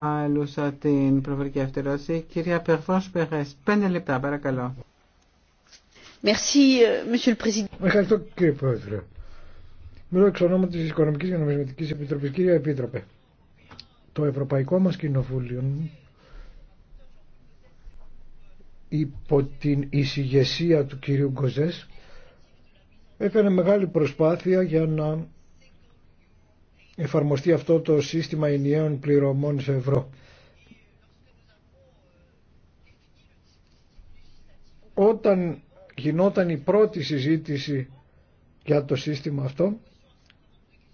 Άλλουσα την προφορική αυτή Κυρία Περφός Πεχές, πέντε λεπτά παρακαλώ. Ευχαριστώ κύριε Πρόεδρε. Μιλώ εξ ονόματο τη Οικονομική και Νομισματική Επιτροπή. Κύριε Επίτροπε, το Ευρωπαϊκό μα Κοινοβούλιο υπό την εισηγεσία του κυρίου Γκοζέ έκανε μεγάλη προσπάθεια για να εφαρμοστεί αυτό το σύστημα ενιαίων πληρωμών σε ευρώ. Όταν γινόταν η πρώτη συζήτηση για το σύστημα αυτό,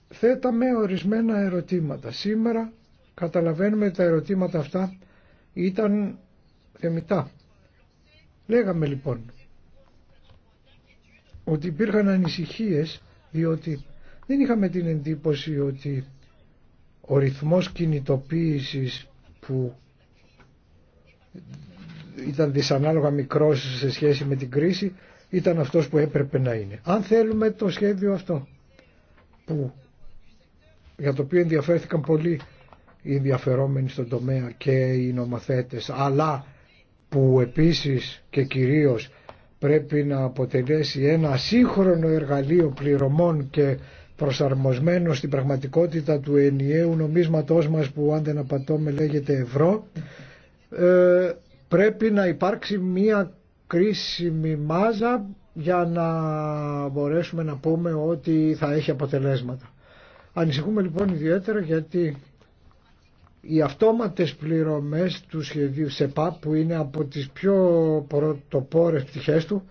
θέταμε ορισμένα ερωτήματα. Σήμερα καταλαβαίνουμε τα ερωτήματα αυτά ήταν θεμητά. Λέγαμε λοιπόν ότι υπήρχαν ανησυχίες διότι δεν είχαμε την εντύπωση ότι ο ρυθμός κινητοποίησης που ήταν δυσανάλογα μικρός σε σχέση με την κρίση ήταν αυτός που έπρεπε να είναι. Αν θέλουμε το σχέδιο αυτό που, για το οποίο ενδιαφέρθηκαν πολλοί οι ενδιαφερόμενοι στον τομέα και οι νομοθέτες αλλά που επίσης και κυρίως πρέπει να αποτελέσει ένα σύγχρονο εργαλείο πληρωμών και προσαρμοσμένο στην πραγματικότητα του ενιαίου νομίσματός μας που αν δεν με λέγεται ευρώ ε, πρέπει να υπάρξει μία κρίσιμη μάζα για να μπορέσουμε να πούμε ότι θα έχει αποτελέσματα. Ανησυχούμε λοιπόν ιδιαίτερα γιατί οι αυτόματες πληρωμές του σχεδίου ΣΕΠΑ που είναι από τις πιο πρωτοπόρες πτυχές του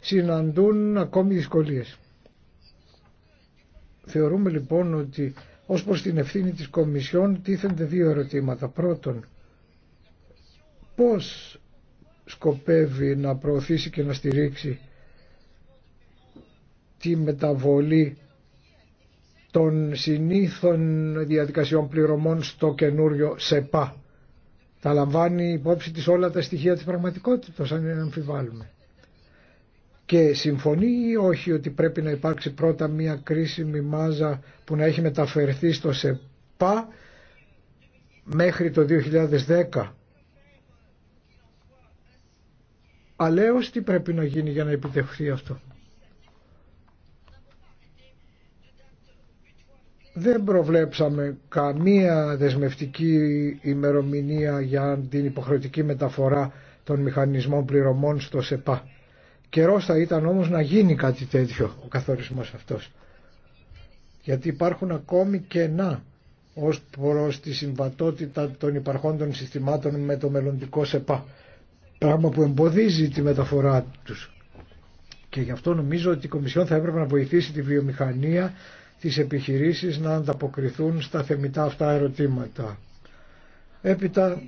συναντούν ακόμη δυσκολίες. Θεωρούμε λοιπόν ότι ως προς την ευθύνη της Κομισιόν τίθενται δύο ερωτήματα. Πρώτον, πώς σκοπεύει να προωθήσει και να στηρίξει τη μεταβολή των συνήθων διαδικασιών πληρωμών στο καινούριο ΣΕΠΑ. Τα λαμβάνει υπόψη της όλα τα στοιχεία της πραγματικότητας, αν αμφιβάλλουμε και συμφωνεί ή όχι ότι πρέπει να υπάρξει πρώτα μια κρίσιμη μάζα που να έχει μεταφερθεί στο ΣΕΠΑ μέχρι το 2010. Αλέως τι πρέπει να γίνει για να επιτευχθεί αυτό. Δεν προβλέψαμε καμία δεσμευτική ημερομηνία για την υποχρεωτική μεταφορά των μηχανισμών πληρωμών στο ΣΕΠΑ. Καιρό θα ήταν όμως να γίνει κάτι τέτοιο ο καθορισμός αυτός. Γιατί υπάρχουν ακόμη κενά ως προς τη συμβατότητα των υπαρχόντων συστημάτων με το μελλοντικό ΣΕΠΑ. Πράγμα που εμποδίζει τη μεταφορά τους. Και γι' αυτό νομίζω ότι η Κομισιόν θα έπρεπε να βοηθήσει τη βιομηχανία, τις επιχειρήσεις να ανταποκριθούν στα θεμητά αυτά ερωτήματα. Έπειτα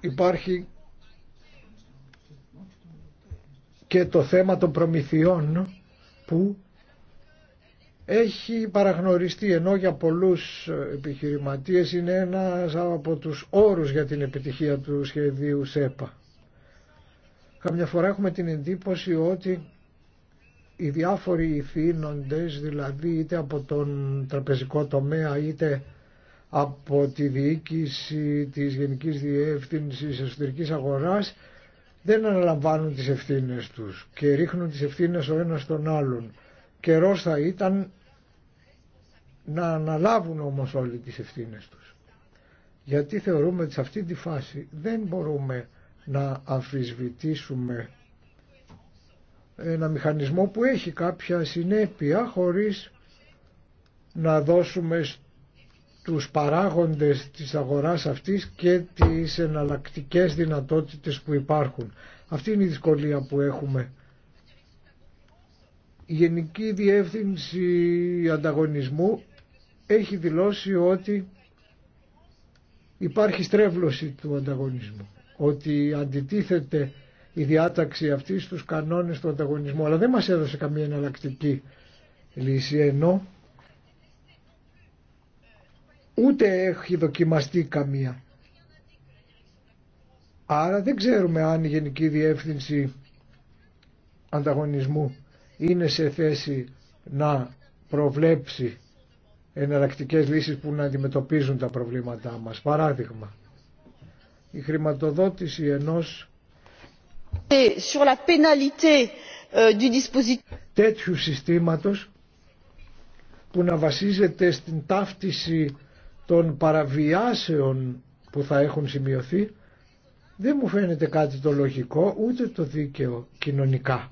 υπάρχει και το θέμα των προμηθειών που έχει παραγνωριστεί ενώ για πολλούς επιχειρηματίες είναι ένας από τους όρους για την επιτυχία του σχεδίου ΣΕΠΑ. Καμιά φορά έχουμε την εντύπωση ότι οι διάφοροι ηθήνοντες, δηλαδή είτε από τον τραπεζικό τομέα είτε από τη διοίκηση της Γενικής Διεύθυνσης Εσωτερικής Αγοράς δεν αναλαμβάνουν τις ευθύνες τους και ρίχνουν τις ευθύνες ο ένας τον άλλον. Καιρό θα ήταν να αναλάβουν όμως όλοι τις ευθύνες τους. Γιατί θεωρούμε ότι σε αυτή τη φάση δεν μπορούμε να αμφισβητήσουμε ένα μηχανισμό που έχει κάποια συνέπεια χωρίς να δώσουμε τους παράγοντες της αγοράς αυτής και τις εναλλακτικές δυνατότητες που υπάρχουν. Αυτή είναι η δυσκολία που έχουμε. Η Γενική Διεύθυνση Ανταγωνισμού έχει δηλώσει ότι υπάρχει στρέβλωση του ανταγωνισμού, ότι αντιτίθεται η διάταξη αυτή στους κανόνες του ανταγωνισμού, αλλά δεν μας έδωσε καμία εναλλακτική λύση, ενώ ούτε έχει δοκιμαστεί καμία. Άρα δεν ξέρουμε αν η Γενική Διεύθυνση Ανταγωνισμού είναι σε θέση να προβλέψει εναλλακτικές λύσεις που να αντιμετωπίζουν τα προβλήματά μας. Παράδειγμα, η χρηματοδότηση ενός euh, du τέτοιου συστήματος που να βασίζεται στην ταύτιση των παραβιάσεων που θα έχουν σημειωθεί δεν μου φαίνεται κάτι το λογικό ούτε το δίκαιο κοινωνικά.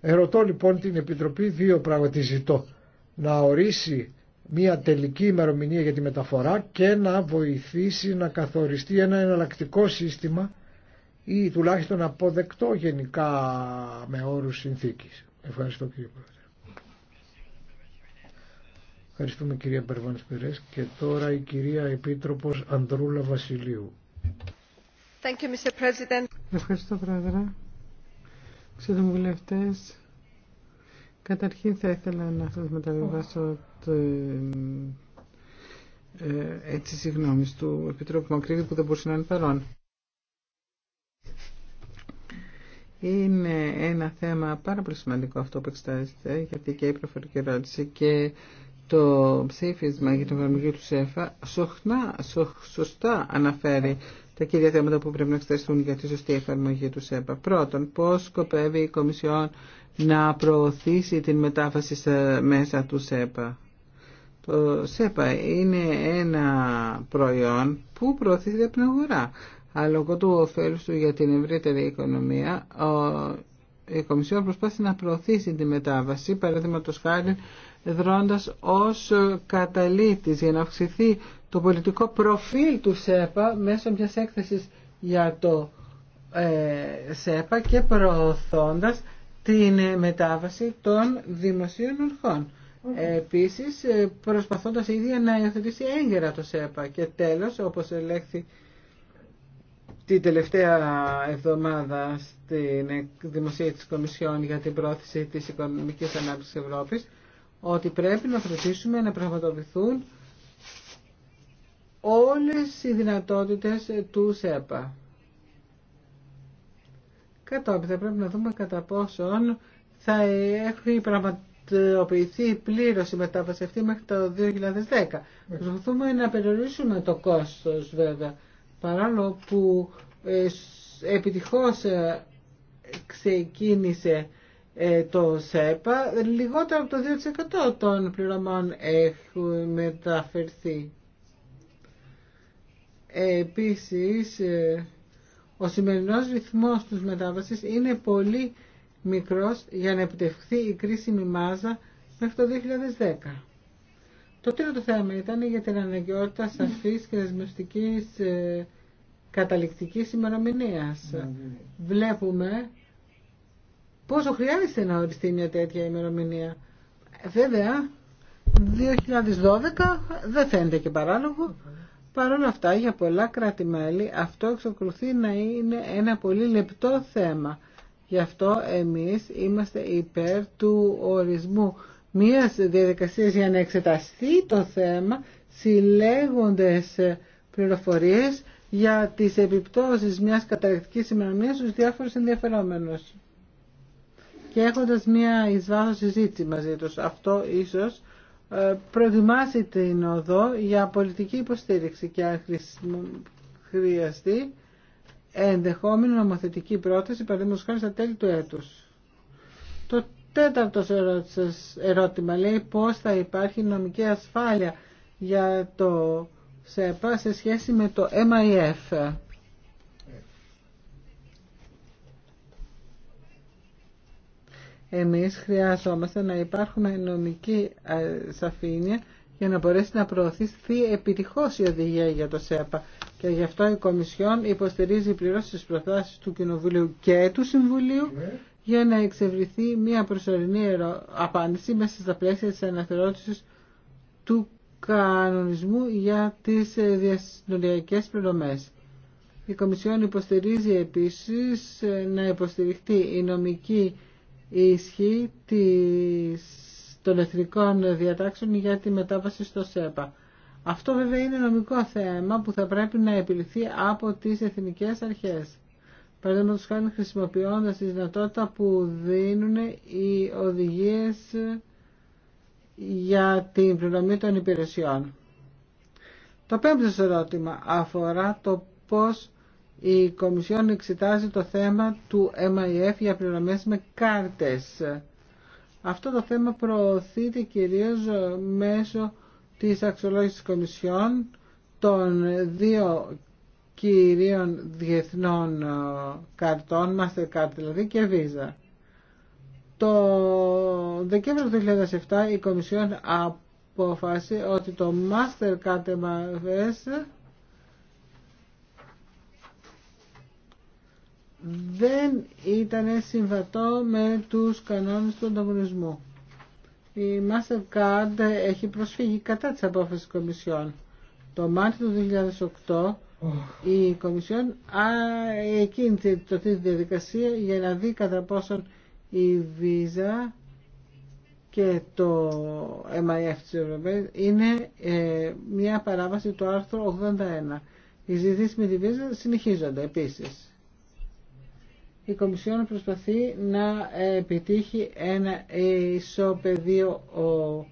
Ερωτώ λοιπόν την Επιτροπή δύο πράγματα ζητώ. Να ορίσει μια τελική ημερομηνία για τη μεταφορά και να βοηθήσει να καθοριστεί ένα εναλλακτικό σύστημα ή τουλάχιστον αποδεκτό γενικά με όρους συνθήκης. Ευχαριστώ κύριε Πρόεδρε. Ευχαριστούμε κυρία Μπερβάνης Σπυρές. και τώρα η κυρία Επίτροπος Ανδρούλα Βασιλείου. Thank you, Mr. President. Ευχαριστώ πρόεδρε. Ξέρουμε Καταρχήν θα ήθελα να σας μεταβιβάσω το, ε, ε έτσι συγγνώμη του Επιτρόπου Μακρύβη που δεν μπορούσε να είναι παρόν. Είναι ένα θέμα πάρα πολύ σημαντικό αυτό που εξετάζεται, γιατί και η προφορική ερώτηση και το ψήφισμα για τον εφαρμογή του ΣΕΦΑ σοχνά, σοχ, σωστά αναφέρει τα κύρια θέματα που πρέπει να εξεταστούν για τη σωστή εφαρμογή του ΣΕΠΑ. Πρώτον, πώς σκοπεύει η Κομισιόν να προωθήσει την μετάφαση μέσα του ΣΕΠΑ. Το ΣΕΠΑ είναι ένα προϊόν που προωθείται από την αγορά. Αλλά λόγω του ωφέλου του για την ευρύτερη οικονομία, η Κομισιόν προσπάθησε να προωθήσει τη μετάβαση, παραδείγματο χάρη δρώντας ως καταλήτης για να αυξηθεί το πολιτικό προφίλ του ΣΕΠΑ μέσω μιας έκθεσης για το ε, ΣΕΠΑ και προωθώντας την μετάβαση των δημοσίων ορχών. Okay. Επίσης ε, προσπαθώντας ίδια να υιοθετήσει έγκαιρα το ΣΕΠΑ και τέλος όπως ελέγχθη την τελευταία εβδομάδα στην δημοσία της Κομισιόν για την πρόθεση της οικονομικής ανάπτυξης Ευρώπης ότι πρέπει να φροντίσουμε να πραγματοποιηθούν όλες οι δυνατότητες του ΣΕΠΑ. Κατόπιν θα πρέπει να δούμε κατά πόσον θα έχει πραγματοποιηθεί πλήρωση η μετάβαση αυτή μέχρι το 2010. Προσπαθούμε να περιορίσουμε το κόστος βέβαια, παρόλο που ε, επιτυχώς ε, ξεκίνησε ε, το ΣΕΠΑ, λιγότερο από το 2% των πληρωμών έχουν μεταφερθεί. Ε, επίσης, ε, ο σημερινός ρυθμός της μετάβασης είναι πολύ μικρός για να επιτευχθεί η κρίσιμη μάζα μέχρι το 2010. Το τρίτο θέμα ήταν για την αναγκαιότητα σαφής και δεσμευτικής καταληκτικής ημερομηνίας. Ναι, ναι. Βλέπουμε πόσο χρειάζεται να οριστεί μια τέτοια ημερομηνία. Βέβαια, 2012 δεν φαίνεται και παράλογο. Παρ' όλα αυτά, για πολλά κράτη-μέλη αυτό εξακολουθεί να είναι ένα πολύ λεπτό θέμα. Γι' αυτό εμείς είμαστε υπέρ του ορισμού μίας διαδικασίας για να εξεταστεί το θέμα συλλέγοντες πληροφορίες για τις επιπτώσεις μιας καταρρεκτικής ημερομηνίας στους διάφορους ενδιαφερόμενους και έχοντας μία εις βάθος συζήτηση μαζί τους. Αυτό ίσως ε, προετοιμάσει την οδό για πολιτική υποστήριξη και αν χρειαστεί ενδεχόμενη νομοθετική πρόταση παραδείγματος χάρη στα τέλη του έτους. Το τέταρτο ερώτημα λέει πώς θα υπάρχει νομική ασφάλεια για το ΣΕΠΑ σε σχέση με το MIF. Εμείς χρειάζομαστε να υπάρχουν νομική ε, σαφήνεια για να μπορέσει να προωθηθεί επιτυχώς η οδηγία για το ΣΕΠΑ. Και γι' αυτό η Κομισιόν υποστηρίζει πληρώσει τις προτάσεις του Κοινοβουλίου και του Συμβουλίου ναι. για να εξευρηθεί μια προσωρινή απάντηση μέσα στα πλαίσια της αναθερώτησης του κανονισμού για τις ε, διασυνοριακές πληρωμές. Η Κομισιόν υποστηρίζει επίσης ε, να υποστηριχτεί η νομική η ισχύ της, των εθνικών διατάξεων για τη μετάβαση στο ΣΕΠΑ. Αυτό βέβαια είναι νομικό θέμα που θα πρέπει να επιληθεί από τις εθνικές αρχές. Παραδείγματο χάρη χρησιμοποιώντα τη δυνατότητα που δίνουν οι οδηγίες για την πληρωμή των υπηρεσιών. Το πέμπτο ερώτημα αφορά το πώς η Κομισιόν εξετάζει το θέμα του MIF για πληρωμές με κάρτες. Αυτό το θέμα προωθείται κυρίως μέσω της αξιολόγησης της Κομισιόν των δύο κυρίων διεθνών ε, καρτών, Mastercard δηλαδή και Visa. Το Δεκέμβριο του 2007 η Κομισιόν αποφάσισε ότι το Mastercard MFS δεν ήταν συμβατό με τους κανόνες του ανταγωνισμού. Η Mastercard έχει προσφύγει κατά της απόφασης Κομισιόν. Το Μάρτιο του 2008 η Κομισιόν εκείνη το τη διαδικασία για να δει κατά πόσον η Visa και το MIF της Ευρωπαϊκής είναι ε, μια παράβαση του άρθρου 81. Οι ζητήσεις με τη Visa συνεχίζονται επίσης η Κομισιόν προσπαθεί να ε, επιτύχει ένα ισοπεδίο ο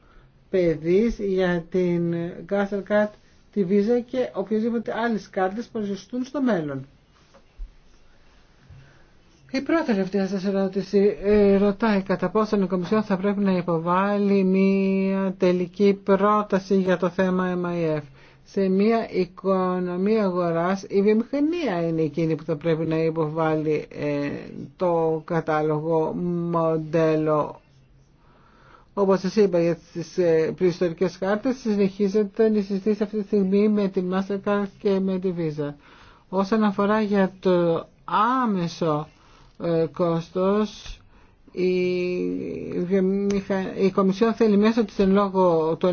παιδής για την κάθε τη Visa και οποιασδήποτε άλλες κάρτες προσωστούν στο μέλλον. Η πρώτη αυτή σα ερώτηση ε, ρωτάει κατά πόσο η Κομισιόν θα πρέπει να υποβάλει μια τελική πρόταση για το θέμα MIF σε μια οικονομία αγοράς η βιομηχανία είναι εκείνη που θα πρέπει να υποβάλει ε, το κατάλογο μοντέλο. Όπως σας είπα για τις ε, πληστορικές συνεχίζεται να συζητήσει αυτή τη στιγμή με την Mastercard και με τη Visa. Όσον αφορά για το άμεσο ε, κόστος η, Κομισιόν θέλει μέσω του εν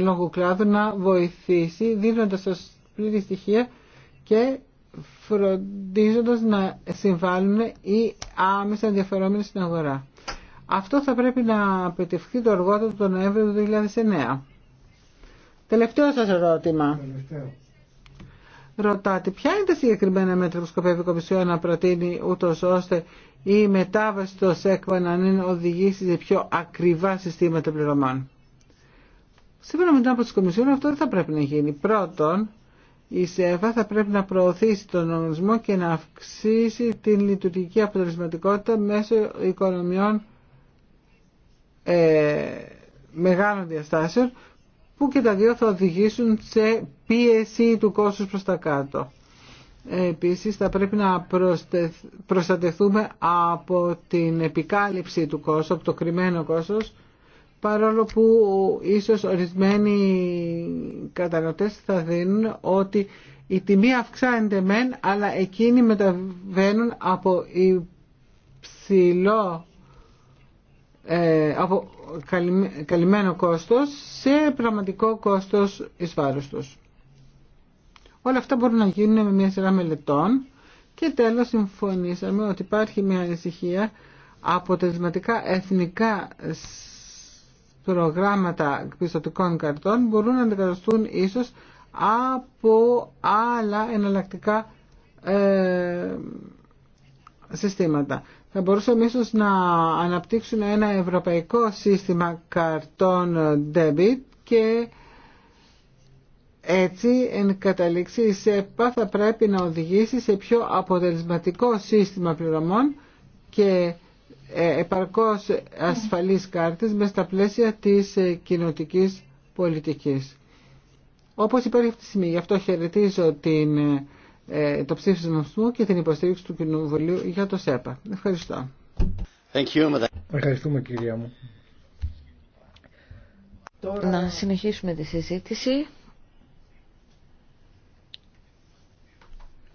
λόγω, κλάδου να βοηθήσει δίνοντας ως πλήρη στοιχεία και φροντίζοντας να συμβάλλουν οι άμεσα ενδιαφερόμενοι στην αγορά. Αυτό θα πρέπει να πετυχθεί το αργότερο τον Νοέμβριο του 2009. Τελευταίο σας ερώτημα. Τελευταίο ρωτάτε ποια είναι τα συγκεκριμένα μέτρα που σκοπεύει η Κομισιόν να προτείνει ούτω ώστε η μετάβαση στο ΣΕΚΒΑ να είναι οδηγήσει σε πιο ακριβά συστήματα πληρωμών. Σήμερα την από τη Κομισιόν αυτό δεν θα πρέπει να γίνει. Πρώτον, η ΣΕΒΑ θα πρέπει να προωθήσει τον οργανισμό και να αυξήσει την λειτουργική αποτελεσματικότητα μέσω οικονομιών ε, μεγάλων διαστάσεων που και τα δύο θα οδηγήσουν σε πίεση του κόστους προς τα κάτω. Επίσης θα πρέπει να προστατευτούμε από την επικάλυψη του κόστου, από το κρυμμένο κόστος, παρόλο που ίσως ορισμένοι κατανοτές θα δίνουν ότι η τιμή αυξάνεται μεν, αλλά εκείνοι μεταβαίνουν από υψηλό ε, από καλυμμένο κόστος σε πραγματικό κόστος εις τους. Όλα αυτά μπορούν να γίνουν με μια σειρά μελετών και τέλος συμφωνήσαμε ότι υπάρχει μια ανησυχία από τελεσματικά εθνικά προγράμματα πιστοτικών καρτών μπορούν να αντικαταστούν ίσως από άλλα εναλλακτικά ε, συστήματα θα μπορούσαμε ίσως να αναπτύξουμε ένα ευρωπαϊκό σύστημα καρτών debit και έτσι, εν καταλήξει, η ΣΕΠΑ θα πρέπει να οδηγήσει σε πιο αποτελεσματικό σύστημα πληρωμών και ε, επαρκώς ασφαλής κάρτες με στα πλαίσια της ε, κοινοτικής πολιτικής. Όπως υπάρχει αυτή τη στιγμή, γι' αυτό χαιρετίζω την ε, το ε, ψήφισμα αυτού και την υποστήριξη του Κοινοβουλίου για το ΣΕΠΑ. Ευχαριστώ. Thank you, Ευχαριστούμε κυρία μου. Να συνεχίσουμε τη συζήτηση.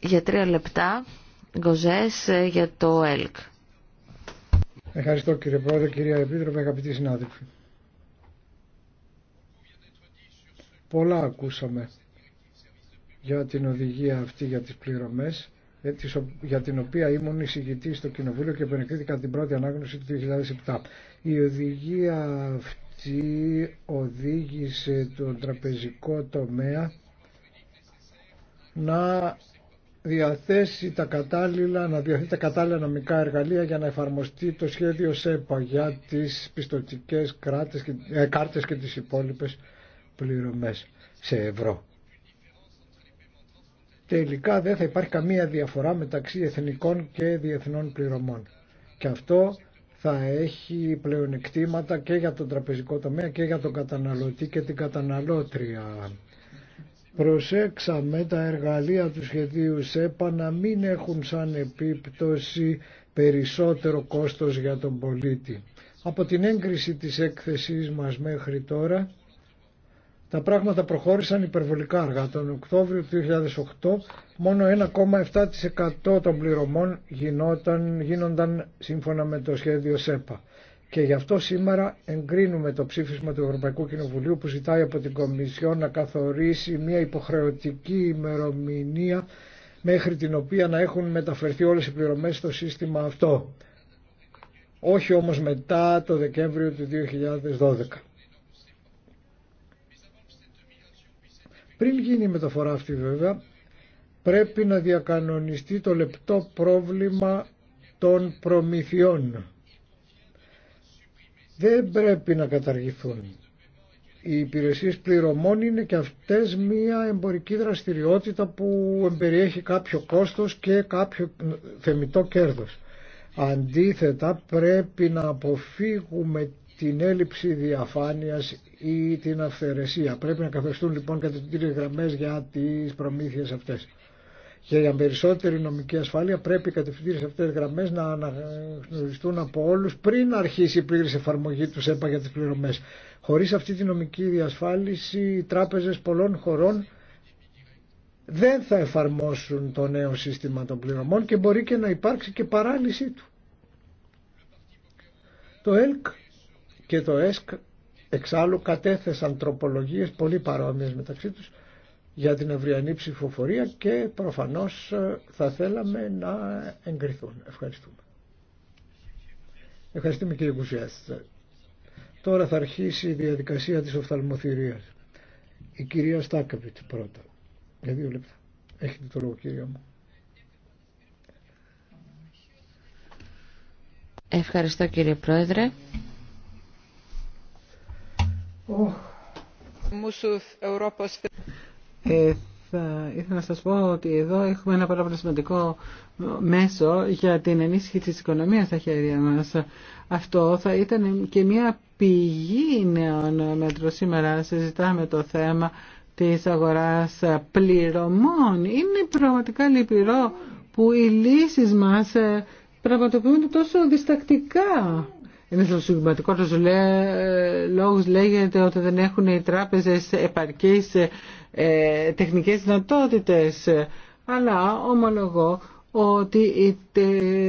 Για τρία λεπτά, Γκοζές ε, για το ΕΛΚ. Ευχαριστώ κύριε Πρόεδρε, κυρία Επίτροπε, αγαπητοί συνάδελφοι. Πολλά ακούσαμε για την οδηγία αυτή για τις πληρωμές ε, για την οποία ήμουν εισηγητή στο Κοινοβούλιο και επενεκτήθηκα την πρώτη ανάγνωση του 2007. Η οδηγία αυτή οδήγησε τον τραπεζικό τομέα να διαθέσει τα κατάλληλα, να διαθέσει τα κατάλληλα νομικά εργαλεία για να εφαρμοστεί το σχέδιο ΣΕΠΑ για τις πιστοτικές κράτες, ε, κάρτες και τις υπόλοιπες πληρωμές σε ευρώ τελικά δεν θα υπάρχει καμία διαφορά μεταξύ εθνικών και διεθνών πληρωμών. Και αυτό θα έχει πλεονεκτήματα και για τον τραπεζικό τομέα και για τον καταναλωτή και την καταναλώτρια. Προσέξαμε τα εργαλεία του σχεδίου ΣΕΠΑ να μην έχουν σαν επίπτωση περισσότερο κόστος για τον πολίτη. Από την έγκριση της έκθεσής μας μέχρι τώρα τα πράγματα προχώρησαν υπερβολικά αργά. Τον Οκτώβριο του 2008 μόνο 1,7% των πληρωμών γινόταν, γίνονταν σύμφωνα με το σχέδιο ΣΕΠΑ. Και γι' αυτό σήμερα εγκρίνουμε το ψήφισμα του Ευρωπαϊκού Κοινοβουλίου που ζητάει από την Κομισιό να καθορίσει μια υποχρεωτική ημερομηνία μέχρι την οποία να έχουν μεταφερθεί όλες οι πληρωμές στο σύστημα αυτό. Όχι όμως μετά το Δεκέμβριο του 2012. Πριν γίνει η μεταφορά αυτή βέβαια, πρέπει να διακανονιστεί το λεπτό πρόβλημα των προμηθειών. Δεν πρέπει να καταργηθούν. Οι υπηρεσίες πληρωμών είναι και αυτές μία εμπορική δραστηριότητα που εμπεριέχει κάποιο κόστος και κάποιο θεμητό κέρδος. Αντίθετα πρέπει να αποφύγουμε την έλλειψη διαφάνειας ή την αυθαιρεσία. Πρέπει να καθοριστούν λοιπόν κατευθυντήριες γραμμές για τις προμήθειες αυτές. Και για περισσότερη νομική ασφάλεια πρέπει οι αυτέ αυτές γραμμές να αναγνωριστούν από όλου πριν αρχίσει η πλήρη εφαρμογή του ΣΕΠΑ για τι πληρωμές. Χωρί αυτή τη νομική διασφάλιση οι τράπεζε πολλών χωρών δεν θα εφαρμόσουν το νέο σύστημα των πληρωμών και μπορεί και να υπάρξει και παράλυση του. Το ΕΛΚ και το ΕΣΚ εξάλλου κατέθεσαν τροπολογίες πολύ παρόμοιες μεταξύ τους για την αυριανή ψηφοφορία και προφανώς ε, θα θέλαμε να εγκριθούν. Ευχαριστούμε. Ευχαριστούμε κύριε Κουσιαστή. Τώρα θα αρχίσει η διαδικασία της οφθαλμοθυρίας. Η κυρία Στάκεβιτ πρώτα. Για δύο λεπτά. Έχετε το λόγο κύριε. μου. Ευχαριστώ κύριε Πρόεδρε. Ε, θα ήθελα να σας πω ότι εδώ έχουμε ένα πάρα πολύ σημαντικό μέσο για την ενίσχυση της οικονομίας στα χέρια μας. Αυτό θα ήταν και μια πηγή νέων μέτρων. Σήμερα συζητάμε το θέμα της αγοράς πληρωμών. Είναι πραγματικά λυπηρό που οι λύσεις μας πραγματοποιούνται τόσο διστακτικά ένας λοσυγματικός λόγου λέγεται ότι δεν έχουν οι τράπεζες επαρκείς ε, τεχνικές δυνατότητες. Αλλά ομολογώ ότι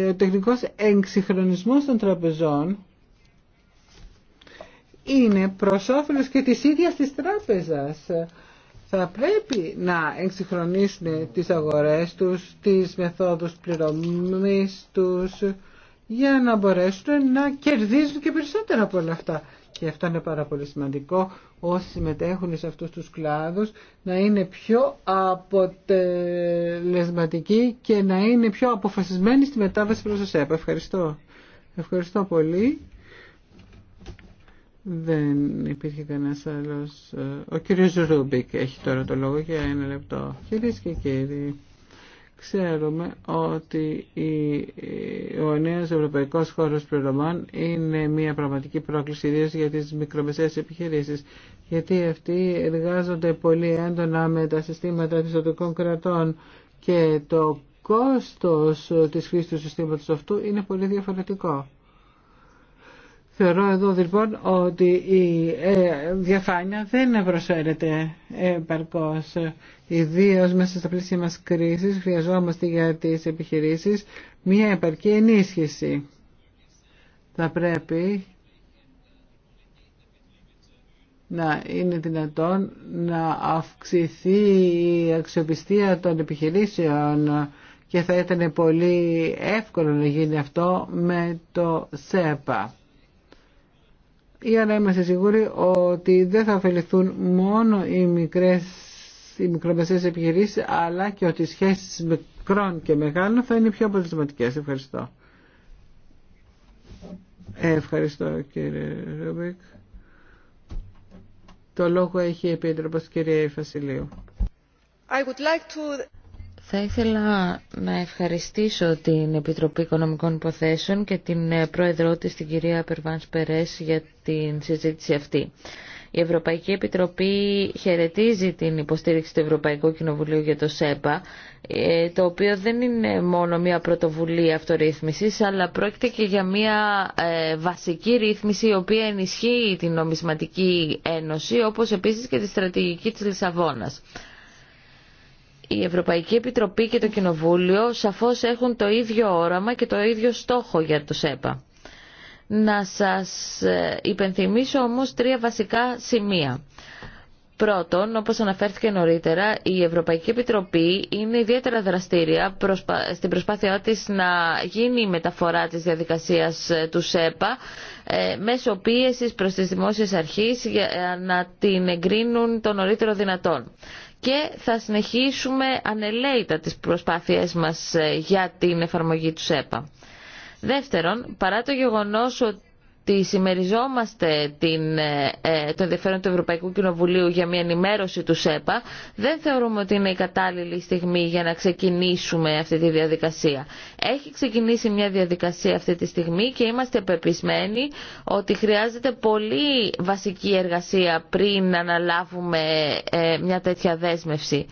ο τεχνικός εξυγχρονισμός των τραπεζών είναι προς όφελος και της ίδιας της τράπεζας. Θα πρέπει να εξυγχρονίσουν τις αγορές τους, τις μεθόδους πληρωμής τους, για να μπορέσουν να κερδίζουν και περισσότερα από όλα αυτά. Και αυτό είναι πάρα πολύ σημαντικό όσοι συμμετέχουν σε αυτούς τους κλάδους να είναι πιο αποτελεσματικοί και να είναι πιο αποφασισμένοι στη μετάβαση προς το ΣΕΠ. Ευχαριστώ. Ευχαριστώ πολύ. Δεν υπήρχε κανένας άλλος. Ο κύριος Ρούμπικ έχει τώρα το λόγο για ένα λεπτό. Κυρίες και κύριοι. Ξέρουμε ότι ο νέο Ευρωπαϊκό Χώρο πληρωμών είναι μια πραγματική πρόκληση ιδίω για τις μικρομεσαίε επιχειρήσεις γιατί αυτοί εργάζονται πολύ έντονα με τα συστήματα επιστοτικών κρατών και το κόστος της χρήσης του συστήματος αυτού είναι πολύ διαφορετικό. Θεωρώ εδώ λοιπόν ότι η ε, διαφάνεια δεν προσφέρεται επαρκώς. Ιδίω μέσα στα πλαίσια μας κρίσης χρειαζόμαστε για τις επιχειρήσεις μια επαρκή ενίσχυση. Θα πρέπει να είναι δυνατόν να αυξηθεί η αξιοπιστία των επιχειρήσεων και θα ήταν πολύ εύκολο να γίνει αυτό με το ΣΕΠΑ για να είμαστε σίγουροι ότι δεν θα ωφεληθούν μόνο οι μικρές οι μικρομεσαίες επιχειρήσεις αλλά και ότι οι σχέσεις μικρών και μεγάλων θα είναι πιο αποτελεσματικές. Ευχαριστώ. Ευχαριστώ κύριε Ρούμπικ. Το λόγο έχει η Επίτροπος κυρία Φασιλείου. I θα ήθελα να ευχαριστήσω την Επιτροπή Οικονομικών Υποθέσεων και την ε, Πρόεδρό της, την κυρία Περβάνς Περές, για την συζήτηση αυτή. Η Ευρωπαϊκή Επιτροπή χαιρετίζει την υποστήριξη του Ευρωπαϊκού Κοινοβουλίου για το ΣΕΠΑ, ε, το οποίο δεν είναι μόνο μια πρωτοβουλία αυτορύθμισης, αλλά πρόκειται και για μια ε, βασική ρύθμιση η οποία ενισχύει την νομισματική ένωση, όπως επίσης και τη στρατηγική της Λισαβόνας η Ευρωπαϊκή Επιτροπή και το Κοινοβούλιο σαφώς έχουν το ίδιο όραμα και το ίδιο στόχο για το ΣΕΠΑ. Να σας ε, υπενθυμίσω όμως τρία βασικά σημεία. Πρώτον, όπως αναφέρθηκε νωρίτερα, η Ευρωπαϊκή Επιτροπή είναι ιδιαίτερα δραστήρια στην προσπάθειά της να γίνει η μεταφορά της διαδικασίας ε, του ΣΕΠΑ ε, μέσω πίεσης προς τις δημόσιες αρχές για ε, να την εγκρίνουν το νωρίτερο δυνατόν. Και θα συνεχίσουμε ανελαίητα τις προσπάθειές μας ε, για την εφαρμογή του ΣΕΠΑ. Δεύτερον, παρά το γεγονός ότι ότι συμμεριζόμαστε την, ε, ε, το ενδιαφέρον του Ευρωπαϊκού Κοινοβουλίου για μια ενημέρωση του ΣΕΠΑ, δεν θεωρούμε ότι είναι η κατάλληλη στιγμή για να ξεκινήσουμε αυτή τη διαδικασία. Έχει ξεκινήσει μια διαδικασία αυτή τη στιγμή και είμαστε πεπισμένοι ότι χρειάζεται πολύ βασική εργασία πριν αναλάβουμε ε, μια τέτοια δέσμευση.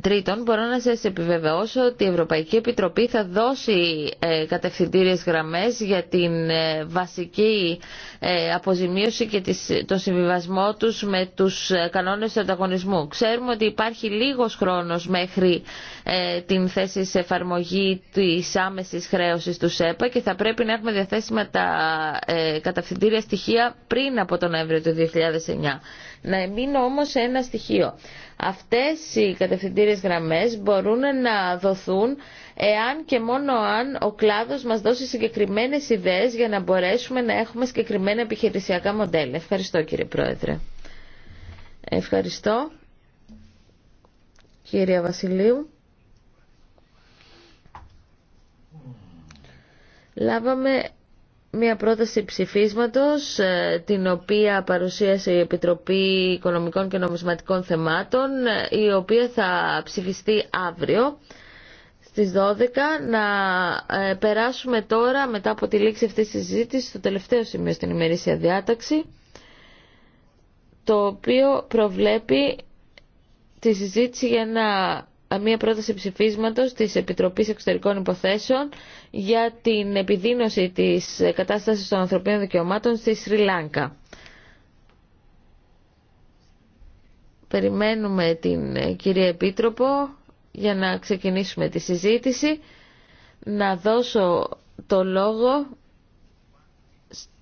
Τρίτον, μπορώ να σας επιβεβαιώσω ότι η Ευρωπαϊκή Επιτροπή θα δώσει ε, κατευθυντήριες γραμμές για την ε, βασική ε, αποζημίωση και τον συμβιβασμό τους με τους κανόνες του ανταγωνισμού. Ξέρουμε ότι υπάρχει λίγος χρόνος μέχρι την θέση σε εφαρμογή της άμεσης χρέωσης του ΣΕΠΑ και θα πρέπει να έχουμε διαθέσιμα τα κατευθυντήρια στοιχεία πριν από τον Νοέμβριο του 2009. Να εμείνω όμως σε ένα στοιχείο. Αυτές οι κατευθυντήριες γραμμές μπορούν να δοθούν εάν και μόνο αν ο κλάδος μας δώσει συγκεκριμένες ιδέες για να μπορέσουμε να έχουμε συγκεκριμένα επιχειρησιακά μοντέλα. Ευχαριστώ κύριε Πρόεδρε. Ευχαριστώ. Κύριε Βασιλείου. Λάβαμε μια πρόταση ψηφίσματος ε, την οποία παρουσίασε η Επιτροπή Οικονομικών και Νομισματικών Θεμάτων ε, η οποία θα ψηφιστεί αύριο στις 12 να ε, περάσουμε τώρα μετά από τη λήξη αυτής της συζήτησης στο τελευταίο σημείο στην ημερήσια διάταξη το οποίο προβλέπει τη συζήτηση για ένα μια πρόταση ψηφίσματος της Επιτροπής Εξωτερικών Υποθέσεων για την επιδείνωση της κατάστασης των ανθρωπίνων δικαιωμάτων στη Σρι Λάνκα. Περιμένουμε την ε, κυρία Επίτροπο για να ξεκινήσουμε τη συζήτηση. Να δώσω το λόγο